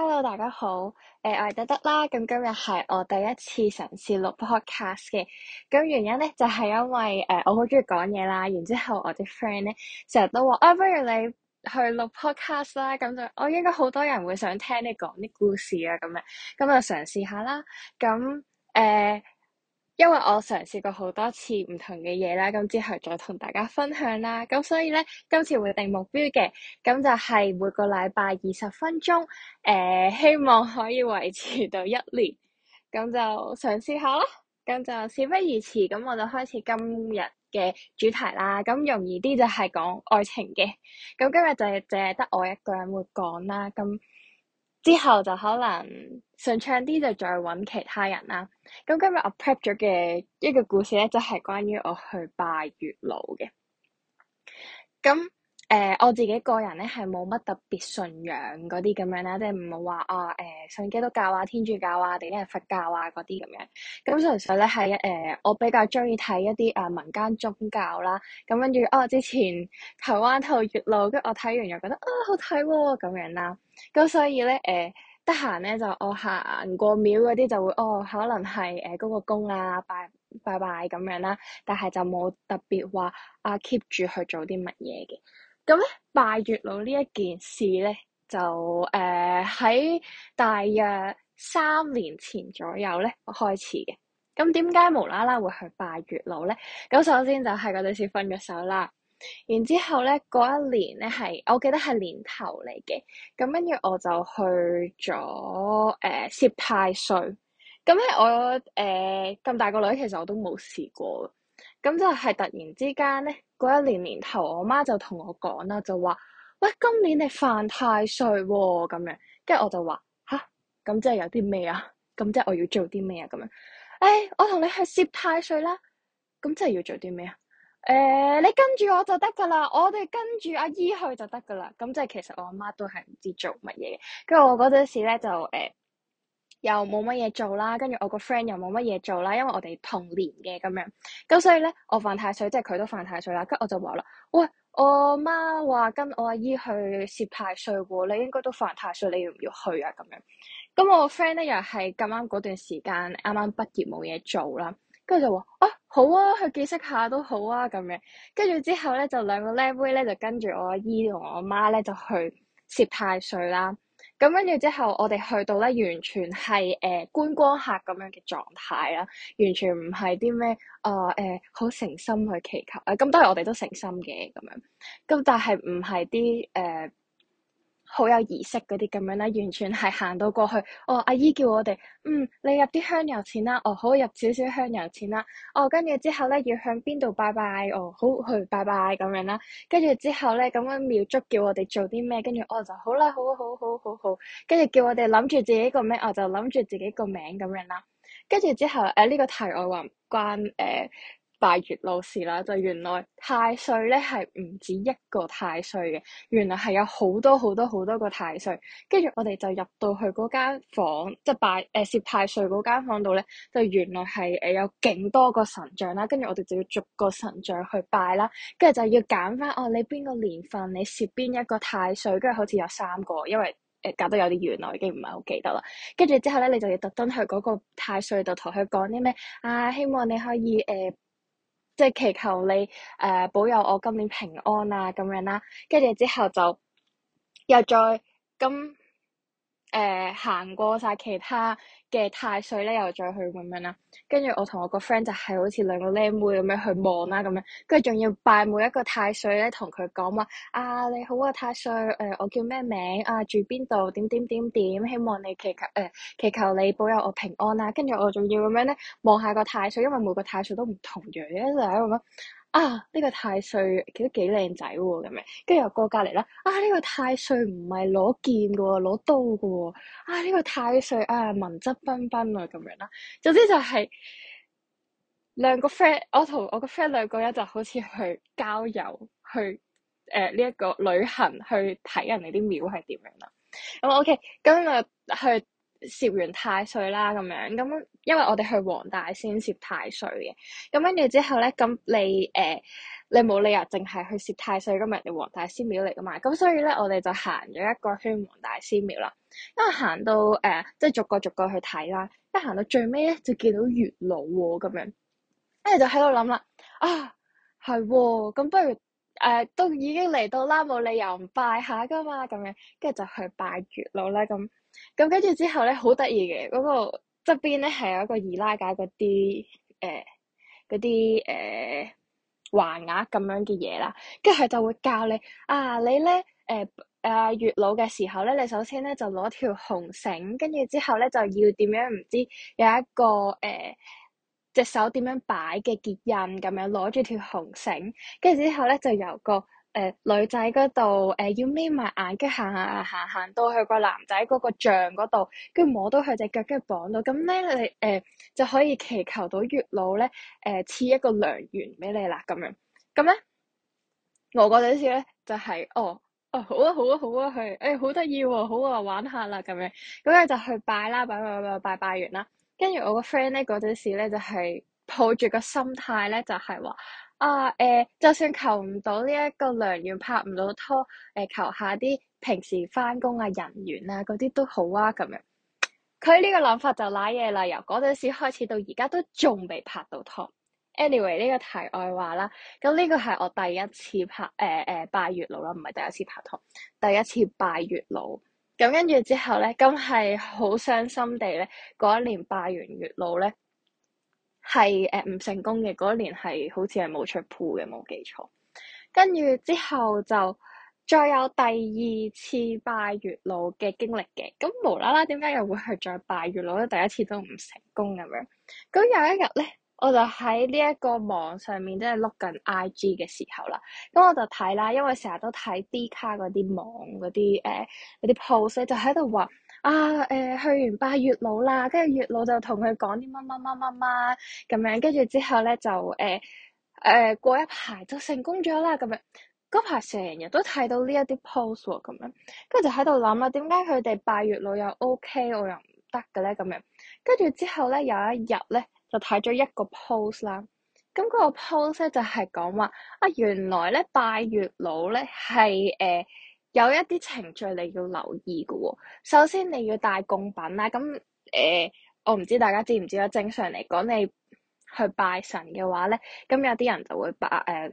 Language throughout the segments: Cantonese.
Hello，大家好，誒、呃、我係得得啦，咁今日係我第一次嘗試錄 podcast 嘅，咁原因咧就係、是、因為誒、呃、我好中意講嘢啦，然之後我啲 friend 咧成日都話啊、哦，不如你去錄 podcast 啦，咁就我應該好多人會想聽你講啲故事啊咁樣，咁就嘗試下啦，咁誒。呃因為我嘗試過好多次唔同嘅嘢啦，咁之後再同大家分享啦，咁所以呢，今次會定目標嘅，咁就係每個禮拜二十分鐘，誒、呃、希望可以維持到一年，咁就嘗試下咯，咁就事不宜遲，咁我就開始今日嘅主題啦，咁容易啲就係講愛情嘅，咁今日就淨係得我一個人會講啦，咁。之後就可能順暢啲，就再揾其他人啦。咁今日我 p d a p e 咗嘅一個故事咧，就係、是、關於我去拜月老嘅。咁。誒、呃、我自己個人咧係冇乜特別信仰嗰啲咁樣啦，即係唔話啊誒信基督教啊、天主教啊、或者係佛教啊嗰啲咁樣。咁純粹咧係誒我比較中意睇一啲啊民間宗教啦。咁跟住哦，之前台灣套月老，跟住我睇完又覺得啊好睇喎咁樣啦。咁所以咧誒得閒咧就我行過廟嗰啲就會哦可能係誒嗰個宮啊拜拜拜咁樣啦，但係就冇特別話啊 keep 住去做啲乜嘢嘅。咁咧拜月老呢一件事咧，就誒喺、呃、大約三年前左右咧開始嘅。咁點解無啦啦會去拜月老咧？咁首先就係嗰陣時分咗手啦。然之後咧，嗰一年咧係我記得係年頭嚟嘅。咁跟住我就去咗誒攝太歲。咁、呃、咧我誒咁、呃、大個女其實我都冇試過。咁就係突然之間咧。嗰一年年頭，我媽就同我講啦，就話：喂，今年你犯太歲喎、啊，咁樣。跟住我就話：吓，咁即係有啲咩啊？咁即係我要做啲咩啊？咁樣。誒、欸，我同你去攝太歲啦。咁即係要做啲咩啊？誒、欸，你跟住我就得噶啦。我哋跟住阿姨去就得噶啦。咁即係其實我媽都係唔知做乜嘢嘅。跟住我嗰陣時咧就誒。欸又冇乜嘢做啦，跟住我個 friend 又冇乜嘢做啦，因為我哋同年嘅咁樣，咁所以咧我犯太歲，即係佢都犯太歲啦，跟住我就話啦，喂，我媽話跟我阿姨去攝太歲喎，你應該都犯太歲，你要唔要去啊？咁樣，咁我個 friend 咧又係咁啱嗰段時間啱啱畢業冇嘢做啦，跟住就話啊好啊，去見識下都好啊咁樣，跟住之後咧就兩個靚妹咧就跟住我阿姨同我媽咧就去攝太歲啦。咁跟住之後，我哋去到咧，完全係誒、呃、觀光客咁樣嘅狀態啦，完全唔係啲咩啊，誒好誠心去祈求啊，咁當然我哋都誠心嘅咁樣，咁但係唔係啲誒。呃好有儀式嗰啲咁樣啦，完全係行到過去。哦，阿姨叫我哋，嗯，你入啲香油錢啦。哦，好，入少少香油錢啦。哦，跟住之後咧，要向邊度拜拜？哦，好，去拜拜咁樣啦。跟住之後咧，咁樣廟祝叫我哋做啲咩？跟住哦，就好啦，好好好好好。跟住叫我哋諗住自己個咩？我就諗住自己個名咁樣啦。跟住之後，誒、呃、呢、呢個題外話關誒。呃拜月老時啦，就原來太歲咧係唔止一個太歲嘅，原來係有好多好多好多個太歲。跟住我哋就入到去嗰間房，即係拜誒攝、呃、太歲嗰間房度咧，就原來係誒有勁多個神像啦。跟住我哋就要逐個神像去拜啦，跟住就要揀翻哦，你邊個年份你攝邊一個太歲，跟住好似有三個，因為誒隔、呃、得有啲遠啦，已經唔係好記得啦。跟住之後咧，你就要特登去嗰個太歲度同佢講啲咩啊？希望你可以誒。呃即係祈求你誒、呃、保佑我今年平安啊咁樣啦、啊，跟住之後就又再咁。誒，行、呃、過晒其他嘅太歲咧，又再去咁樣啦。我跟住我同我個 friend 就係好似兩個靚妹咁樣去望啦咁樣，跟住仲要拜每一個太歲咧，同佢講話啊，你好啊太歲，誒、呃、我叫咩名啊住邊度點點點點，希望你祈求誒、呃、祈求你保佑我平安啦、啊。跟住我仲要咁樣咧，望下個太歲，因為每個太歲都唔同樣嘅，就係咁樣啊！呢、這個太歲幾都幾靚仔喎，咁、啊、樣跟住又過隔籬啦。啊！呢、這個太歲唔係攞劍嘅喎，攞刀嘅喎、啊。啊！呢、這個太歲啊，文質彬彬啊，咁樣啦。總之就係兩個 friend，我同我個 friend 兩個人就好似去郊遊，去誒呢一個旅行，去睇人哋啲廟係點樣啦、啊。咁、嗯、OK，今日去。攝完太歲啦咁樣，咁因為我哋去黃大仙攝太歲嘅，咁跟住之後咧，咁你誒、呃、你冇理由淨係去攝太歲，今日係黃大仙廟嚟噶嘛，咁所以咧我哋就行咗一個圈黃大仙廟啦，因為行到誒、呃、即係逐個逐個去睇啦，一行到最尾咧就見到月老喎、哦、咁樣，跟住就喺度諗啦，啊係喎，咁、哦、不如誒、呃、都已經嚟到啦，冇理由唔拜下噶嘛，咁樣跟住就去拜月老啦咁。咁跟住之後咧，好得意嘅嗰個側邊咧，係有一個二拉架嗰啲誒嗰啲誒橫額咁樣嘅嘢啦。跟住佢就會教你啊，你咧誒誒月老嘅時候咧，你首先咧就攞條紅繩，跟住之後咧就要點樣唔知有一個誒、呃、隻手點樣擺嘅結印咁樣，攞住條紅繩，跟住之後咧就由個。誒、呃、女仔嗰度誒要眯埋眼，跟住行行行行到去個男仔嗰個像嗰度，跟住摸到佢隻腳，跟住綁到，咁咧你誒、呃、就可以祈求到月老咧誒賜一個良緣俾你啦咁樣。咁咧我嗰陣時咧就係、是、哦哦好啊好啊好啊去，誒、欸、好得意喎好啊玩下啦咁樣，咁咧就去拜啦拜拜拜拜拜完啦，跟住我個 friend 咧嗰陣時咧就係、是、抱住個心態咧就係、是、話。啊誒、呃，就算求唔到呢一個良緣，拍唔到拖，誒、呃、求下啲平時翻工啊人緣啊嗰啲都好啊咁樣。佢呢 個諗法就瀨嘢啦，由嗰陣時開始到而家都仲未拍到拖。Anyway 呢個題外話啦，咁呢個係我第一次拍誒誒、呃呃、拜月老啦，唔係第一次拍拖，第一次拜月老。咁跟住之後咧，咁係好傷心地咧，嗰一年拜完月老咧。係誒唔成功嘅嗰一年，係好似係冇出鋪嘅，冇記錯，跟住之後就再有第二次拜月老嘅經歷嘅，咁無啦啦點解又會去再拜月老咧？第一次都唔成功咁樣，咁有一日咧，我就喺呢一個網上面即係碌緊 I G 嘅時候啦，咁我就睇啦，因為成日都睇 D 卡嗰啲網嗰啲 post 就喺度話。啊誒、呃，去完拜月老啦，跟住月老就同佢講啲乜乜乜乜乜咁樣，跟住之後咧就誒誒、呃呃、過一排就成功咗啦咁樣。嗰排成日都睇到呢一啲 post 喎，咁樣跟住就喺度諗啊，點解佢哋拜月老又 OK，我又唔得嘅咧咁樣？跟住之後咧有一日咧就睇咗一個 post 啦，咁嗰、那個 post 咧就係講話啊，原來咧拜月老咧係誒。有一啲程序你要留意嘅喎、哦，首先你要帶供品啦，咁誒、呃，我唔知大家知唔知啦，正常嚟講你去拜神嘅話咧，咁有啲人就會拜誒、呃、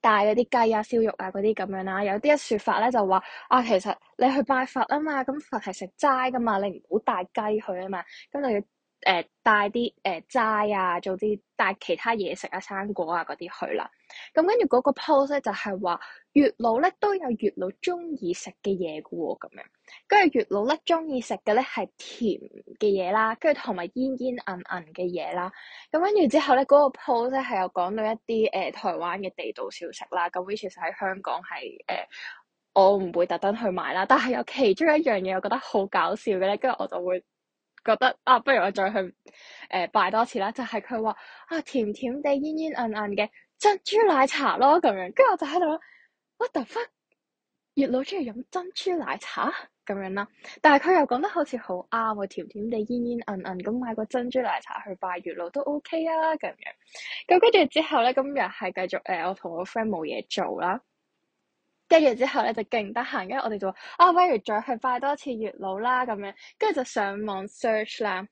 帶嗰啲雞啊、燒肉啊嗰啲咁樣啦，有啲一説法咧就話啊，其實你去拜佛啊嘛，咁佛係食齋噶嘛，你唔好帶雞去啊嘛，咁你要。誒、呃、帶啲誒齋啊，做啲帶其他嘢食啊、生果啊嗰啲去啦。咁跟住嗰個 post 咧就係、是、話，月老咧都有月老中意食嘅嘢噶喎，咁樣。跟住月老咧中意食嘅咧係甜嘅嘢啦，跟住同埋煙煙韌韌嘅嘢啦。咁跟住之後咧，嗰、那個 post 咧係有講到一啲誒、呃、台灣嘅地道小食啦。咁 which 其實喺香港係誒、呃、我唔會特登去買啦。但係有其中一樣嘢我覺得好搞笑嘅咧，跟住我就會。覺得啊，不如我再去誒、呃、拜多次啦。就係佢話啊，甜甜地、煙煙韌韌嘅珍珠奶茶咯，咁樣跟住我就喺度啦。What the fuck？月老中意飲珍珠奶茶咁樣啦，但係佢又講得好似好啱喎，甜甜地、煙煙韌韌咁買個珍珠奶茶去拜月老都 OK 啊，咁樣，咁跟住之後咧，今日係繼續誒、呃，我同我 friend 冇嘢做啦。跟住之後咧就勁得閒，跟住我哋就話啊，不如再去拜多次月老啦咁樣，跟住就上網 search 啦，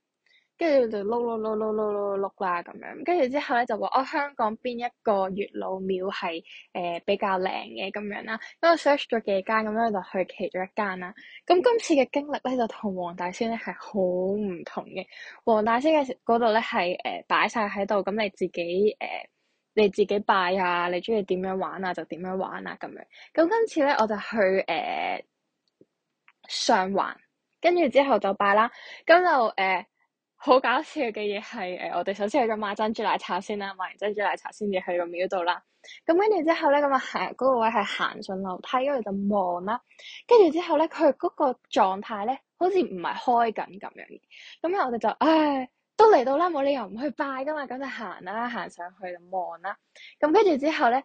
跟住就碌碌碌碌碌碌碌碌啦咁樣，跟住之後咧就話哦，香港邊一個月老廟係誒比較靚嘅咁樣啦，咁我 search 咗幾間咁樣就去其中一間啦。咁今次嘅經歷咧就同黃大仙咧係好唔同嘅，黃大仙嘅嗰度咧係誒擺晒喺度，咁你自己誒。你自己拜啊，你中意點樣玩啊就點樣玩啊咁樣。咁今次咧我就去誒、呃、上環，跟住之後就拜啦。咁就誒好、呃、搞笑嘅嘢係誒，我哋首先去咗買珍珠奶茶先啦，買完珍珠奶茶先至去個廟度啦。咁跟住之後咧，咁啊行嗰個位係行上樓梯，跟住就望啦。跟住之後咧，佢嗰個狀態咧好似唔係開緊咁樣。咁咧我哋就唉～都嚟到啦，冇理由唔去拜噶嘛，咁就行啦、啊，行上去就望啦。咁跟住之後咧，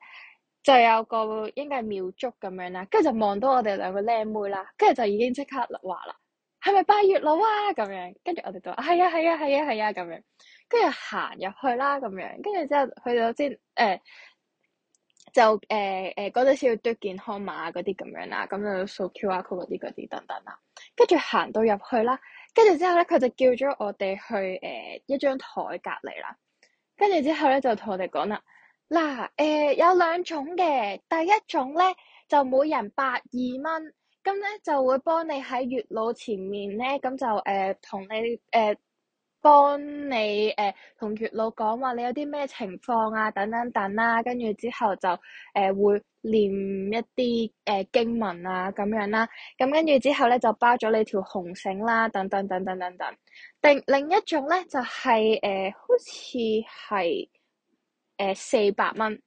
就有個應該係廟祝咁樣啦，跟住就望到我哋兩個靚妹啦，跟住就已經即刻話啦：係咪拜月老啊？咁樣跟住我哋就話係啊，係啊，係啊，係啊咁樣。跟住行入去啦，咁樣跟住之後去到先誒，就誒誒嗰時要嘟健康碼嗰啲咁樣啦，咁就掃 QR Code 嗰啲嗰啲等等啦。跟住行到入去啦。跟住之後咧，佢就叫咗我哋去誒、呃、一張台隔離啦。跟住之後咧，就同我哋講啦，嗱誒、呃、有兩種嘅，第一種咧就每人百二蚊，咁咧就會幫你喺月老前面咧咁就誒同、呃、你誒幫、呃、你誒同、呃呃、月老講話你有啲咩情況啊等等等等啦，跟住之後就誒、呃、會。念一啲誒、呃、經文啊咁樣啦，咁跟住之後咧就包咗你條紅繩啦，等等等等等等。定另一種咧就係、是、誒、呃、好似係誒四百蚊。呃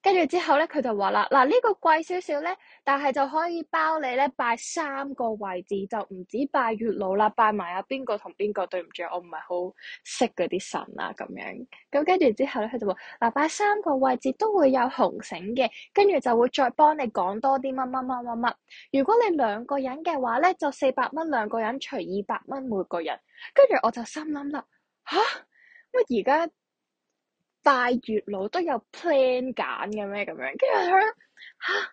跟住之後咧，佢就話啦，嗱、啊、呢、呢個貴少少咧，但係就可以包你咧拜三個位置，就唔止拜月老啦，拜埋阿邊個同邊個，對唔住，我唔係好識嗰啲神啊咁樣。咁跟住之後咧，佢就話嗱、啊、拜三個位置都會有紅繩嘅，跟住就會再幫你講多啲乜乜乜乜乜。如果你兩個人嘅話咧，就四百蚊兩個人除二百蚊每個人。跟住我就心諗啦，吓乜而家？拜月老都有 plan 揀嘅咩咁樣？跟住佢咧吓，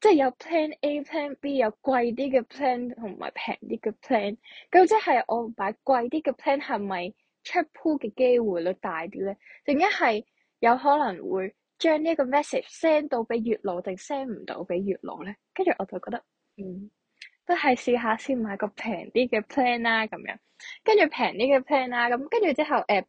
即係有 plan A plan B，有貴啲嘅 plan 同埋平啲嘅 plan。咁即係我買貴啲嘅 plan 係咪出 pool 嘅機會率大啲咧？定一係有可能會將呢一個 message send 到俾月老定 send 唔到俾月老咧？跟住我就覺得，嗯，都係試下先買個平啲嘅 plan 啦、啊、咁樣。跟住平啲嘅 plan 啦、啊，咁跟住之後誒。呃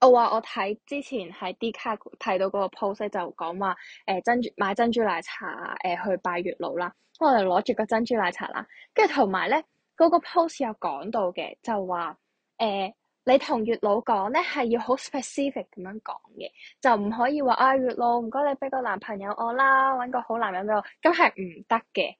我話我睇之前喺 Dcard 睇到嗰個 post 就講話誒珍珠買珍珠奶茶誒去拜月老啦，我哋攞住個珍珠奶茶啦，跟住同埋咧嗰個 post 有講到嘅就話誒你同月老講咧係要好 specific 咁樣講嘅，就唔可以話啊月老唔該你俾個男朋友我啦，揾個好男人俾我，咁係唔得嘅。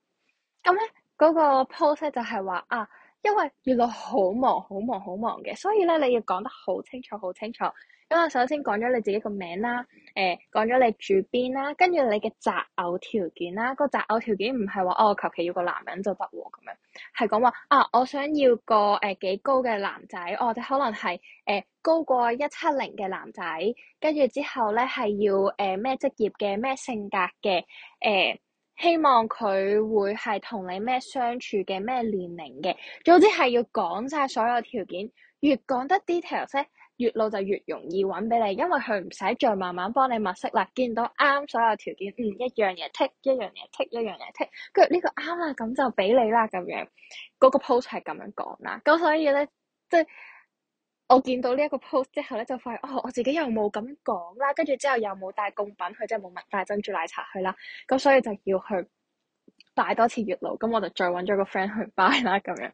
咁咧嗰個 post 就係話啊～因為原來好忙好忙好忙嘅，所以咧你要講得好清楚好清楚。因為首先講咗你自己個名、呃講你你這個名啦，誒講咗你住邊啦，跟住你嘅擇偶條件啦。個擇偶條件唔係話哦求其要個男人就得喎咁樣，係講話啊我想要個誒、呃、幾高嘅男仔，我、哦、哋可能係誒、呃、高過一七零嘅男仔，跟住之後咧係要誒咩職業嘅咩性格嘅誒。呃希望佢會係同你咩相處嘅咩年齡嘅，總之係要講晒所有條件，越講得 details 咧，越老就越容易揾俾你，因為佢唔使再慢慢幫你物色啦。見到啱所有條件，嗯，一樣嘢剔，一樣嘢剔，一樣嘢剔，跟住呢個啱啦，咁就俾你啦咁樣。嗰個 post 係咁樣講啦，咁所以咧，即係。我見到呢一個 post 之後咧，就發現哦，我自己又冇咁講啦，跟住之後又冇帶供品去，即係冇買大珍珠奶茶去，去啦，咁所以就要去拜多次月老。咁我就再揾咗個 friend 去拜啦，咁樣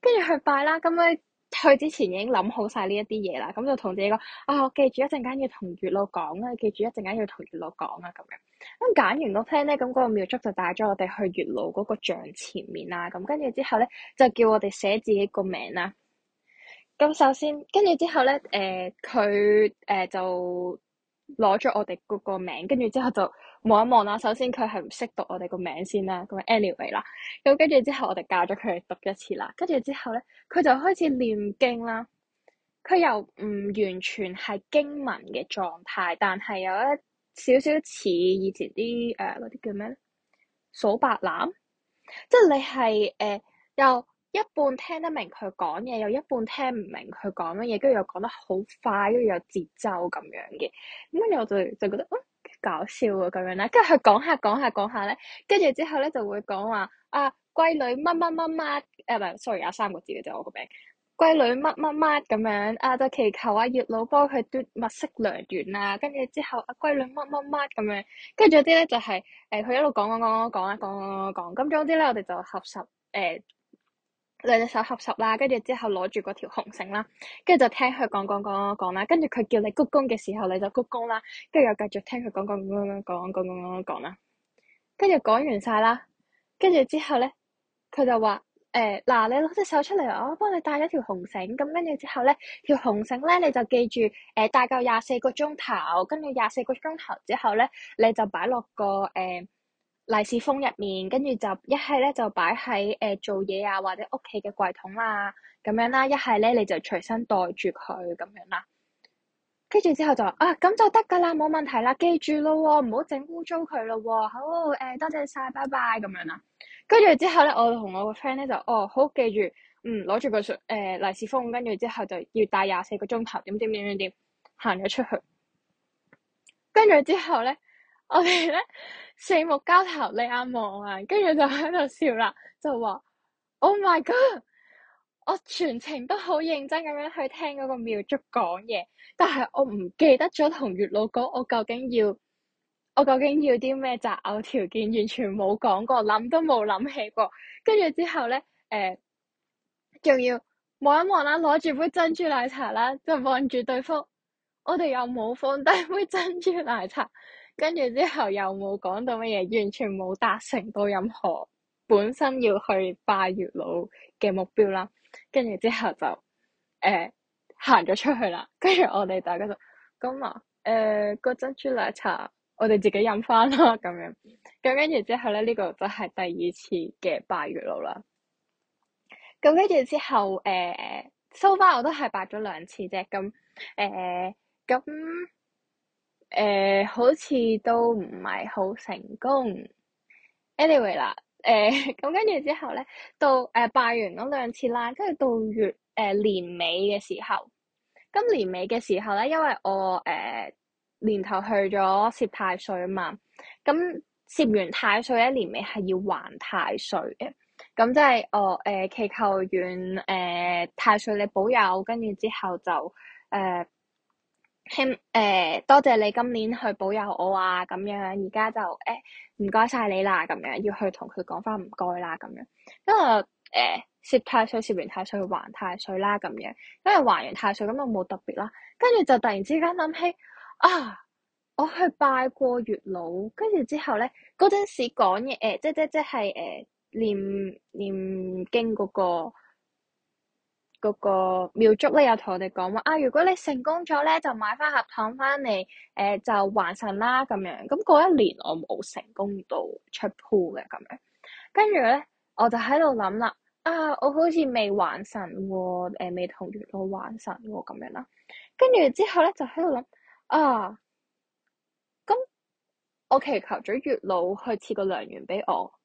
跟住去拜啦。咁佢去之前已經諗好晒呢一啲嘢啦，咁就同自己講：啊、哦，我記住一陣間要同月老講啦，記住一陣間要同月老講啊咁樣。咁揀完個 friend 咧，咁嗰個廟祝就帶咗我哋去月老嗰個像前面啦。咁跟住之後咧，就叫我哋寫自己個名啦。咁首先，跟住之後咧，誒佢誒就攞咗我哋嗰個名，跟住之後就望一望啦。首先佢係唔識讀我哋個名先啦，咁 anyway 啦。咁跟住之後我哋教咗佢讀一次啦。跟住之後咧，佢就開始念經啦。佢又唔完全係經文嘅狀態，但係有一少少似以前啲誒嗰啲叫咩？數白欖，即係你係誒又。呃一半聽得明佢講嘢，又一半聽唔明佢講乜嘢，跟住又講得好快，跟住有節奏咁樣嘅，跟住我就就覺得啊搞笑啊，咁樣啦，跟住佢講下講下講下咧，跟住之後咧就會講話啊，龜女乜乜乜乜，誒唔係，sorry 有、啊、三個字嘅啫，我個名：「龜女乜乜乜咁樣，啊就祈求啊月老幫佢揼物色良緣啊，跟住之後啊，貴女乜乜乜「龜女乜乜乜咁樣，跟住有啲咧就係誒佢一路講一講一講一講一講一講講講，咁總之咧我哋就合十誒。欸兩隻手合十啦，跟住之後攞住嗰條紅繩啦，跟住就聽佢講講講講啦，跟住佢叫你鞠躬嘅時候你就鞠躬啦，跟住又繼續聽佢講講講講講講講講啦，跟住講完晒啦，跟住之後咧，佢就話誒嗱你攞隻手出嚟我幫你戴咗條紅繩，咁跟住之後咧條紅繩咧你就記住誒戴夠廿四個鐘頭，跟住廿四個鐘頭之後咧你就擺落個誒利是封入面，跟住就一係咧就擺喺誒做嘢啊，或者屋企嘅櫃桶啦，咁樣啦、啊，一係咧你就隨身袋住佢咁樣啦、啊。跟住之後就啊，咁就得噶啦，冇問題啦，記住咯、哦，唔好整污糟佢咯，好、呃、誒多謝晒，拜拜咁樣啦、啊。跟住之後咧，我同我個 friend 咧就哦，好記住，嗯，攞住個信誒利是封，跟住之後就要帶廿四個鐘頭，點點點點點行咗出去。跟住之後咧，我哋咧。 四目交投，你一眼望眼、啊，跟住就喺度笑啦，就話：Oh my god！我全程都好認真咁樣去聽嗰個廟祝講嘢，但係我唔記得咗同月老講我究竟要，我究竟要啲咩擇偶條件，完全冇講過，諗都冇諗起過。跟住之後咧，誒、呃，仲要望一望啦，攞住杯珍珠奶茶啦，就望住對方，我哋又冇放低杯珍珠奶茶。跟住之後又冇講到乜嘢，完全冇達成到任何本身要去拜月老嘅目標啦。跟住之後就誒行咗出去啦。跟住我哋大家就咁啊誒個珍珠奶茶，我哋自己飲翻啦咁樣。咁跟住之後咧，呢個就係第二次嘅拜月老啦。咁跟住之後誒，收、呃、翻、so、我都係拜咗兩次啫。咁誒咁。呃誒、呃，好似都唔係好成功。anyway 啦、呃，誒，咁跟住之後咧，到誒、呃、拜完咗兩次啦，跟住到月誒、呃、年尾嘅時候，咁年尾嘅時候咧，因為我誒、呃、年頭去咗攝太歲啊嘛，咁、嗯、攝完太歲，一年尾係要還太歲嘅，咁、嗯、即係我誒、呃、祈求完誒太歲你保佑，跟住之後就誒。呃慶、嗯呃、多謝你今年去保佑我啊，咁樣而家就誒唔該晒你啦，咁樣要去同佢講翻唔該啦，咁樣，樣、欸、樣，因為誒攝太歲、攝完太歲要還太歲啦，咁樣，跟住還完太歲咁就冇特別啦。跟住就突然之間諗起啊，我去拜過月老，跟住之後咧嗰陣時講嘢誒，即即即係誒、呃、念唸經嗰、那個。嗰個廟祝咧，又同我哋講話啊，如果你成功咗咧，就買翻盒糖翻嚟，誒、呃、就還神啦咁樣。咁嗰一年我冇成功到出鋪嘅咁樣，跟住咧我就喺度諗啦，啊我好似未還神喎、哦，未同月老還神喎、哦、咁樣啦。跟住之後咧就喺度諗啊，咁我祈求咗月老去設個良緣俾我。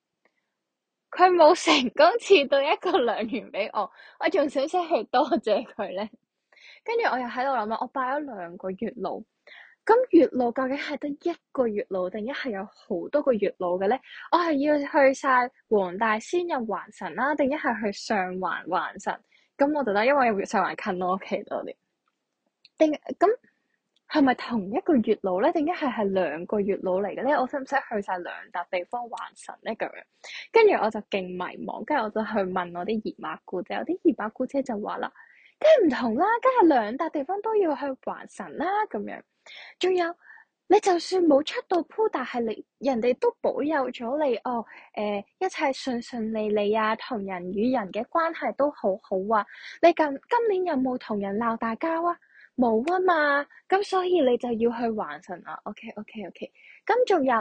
佢冇成功賜到一個兩元俾我，我仲想寫係多謝佢咧。跟 住我又喺度諗啦，我拜咗兩個月老，咁月老究竟係得一個月老定一係有好多個月老嘅咧？我係要去晒黃大仙入還神啦，定一係去上環還神？咁我就得，因為上環近我屋企多啲。定咁。係咪同一個月老咧？定一係係兩個月老嚟嘅咧？我使唔使去晒兩笪地方還神咧咁樣？跟住我就勁迷茫，跟住我就去問我啲姨媽姑姐，有啲姨媽姑姐就話啦：梗係唔同啦，梗係兩笪地方都要去還神啦咁樣。仲有你就算冇出到鋪，但係你人哋都保佑咗你哦。誒、呃，一切順順利利啊，同人與人嘅關係都好好啊。你咁今年有冇同人鬧大交啊？冇啊嘛，咁所以你就要去還神啊，OK OK OK，咁仲有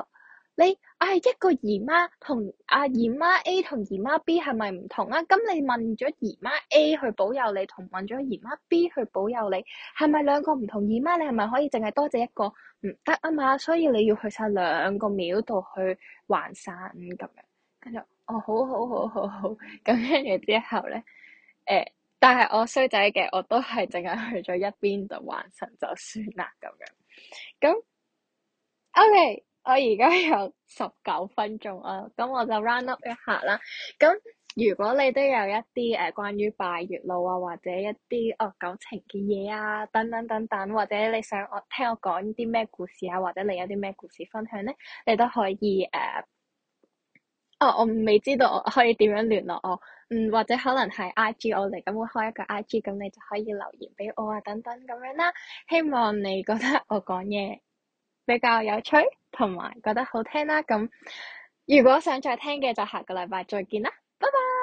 你，我、啊、一個姨媽同阿姨媽 A 同姨媽 B 係咪唔同啊？咁你問咗姨媽 A 去保佑你，同問咗姨媽 B 去保佑你，係咪兩個唔同姨媽？你係咪可以淨係多謝一個唔得啊嘛？所以你要去晒兩個廟度去還神咁樣，跟住哦，好好好好好，咁樣然之後咧，誒。呃但係我衰仔嘅，我都係淨係去咗一邊度玩神就算啦咁樣。咁，OK，我而家有十九分鐘啊，咁我就 run up 一下啦。咁如果你都有一啲誒、呃、關於拜月老啊，或者一啲哦感情嘅嘢啊，等等等等，或者你想我聽我講啲咩故事啊，或者你有啲咩故事分享咧，你都可以誒、呃。哦，我未知道我可以點樣聯絡我。嗯，或者可能係 IG 我嚟咁，會開一個 IG，咁你就可以留言俾我啊，等等咁樣啦。希望你覺得我講嘢比較有趣，同埋覺得好聽啦。咁如果想再聽嘅，就下個禮拜再見啦，拜拜。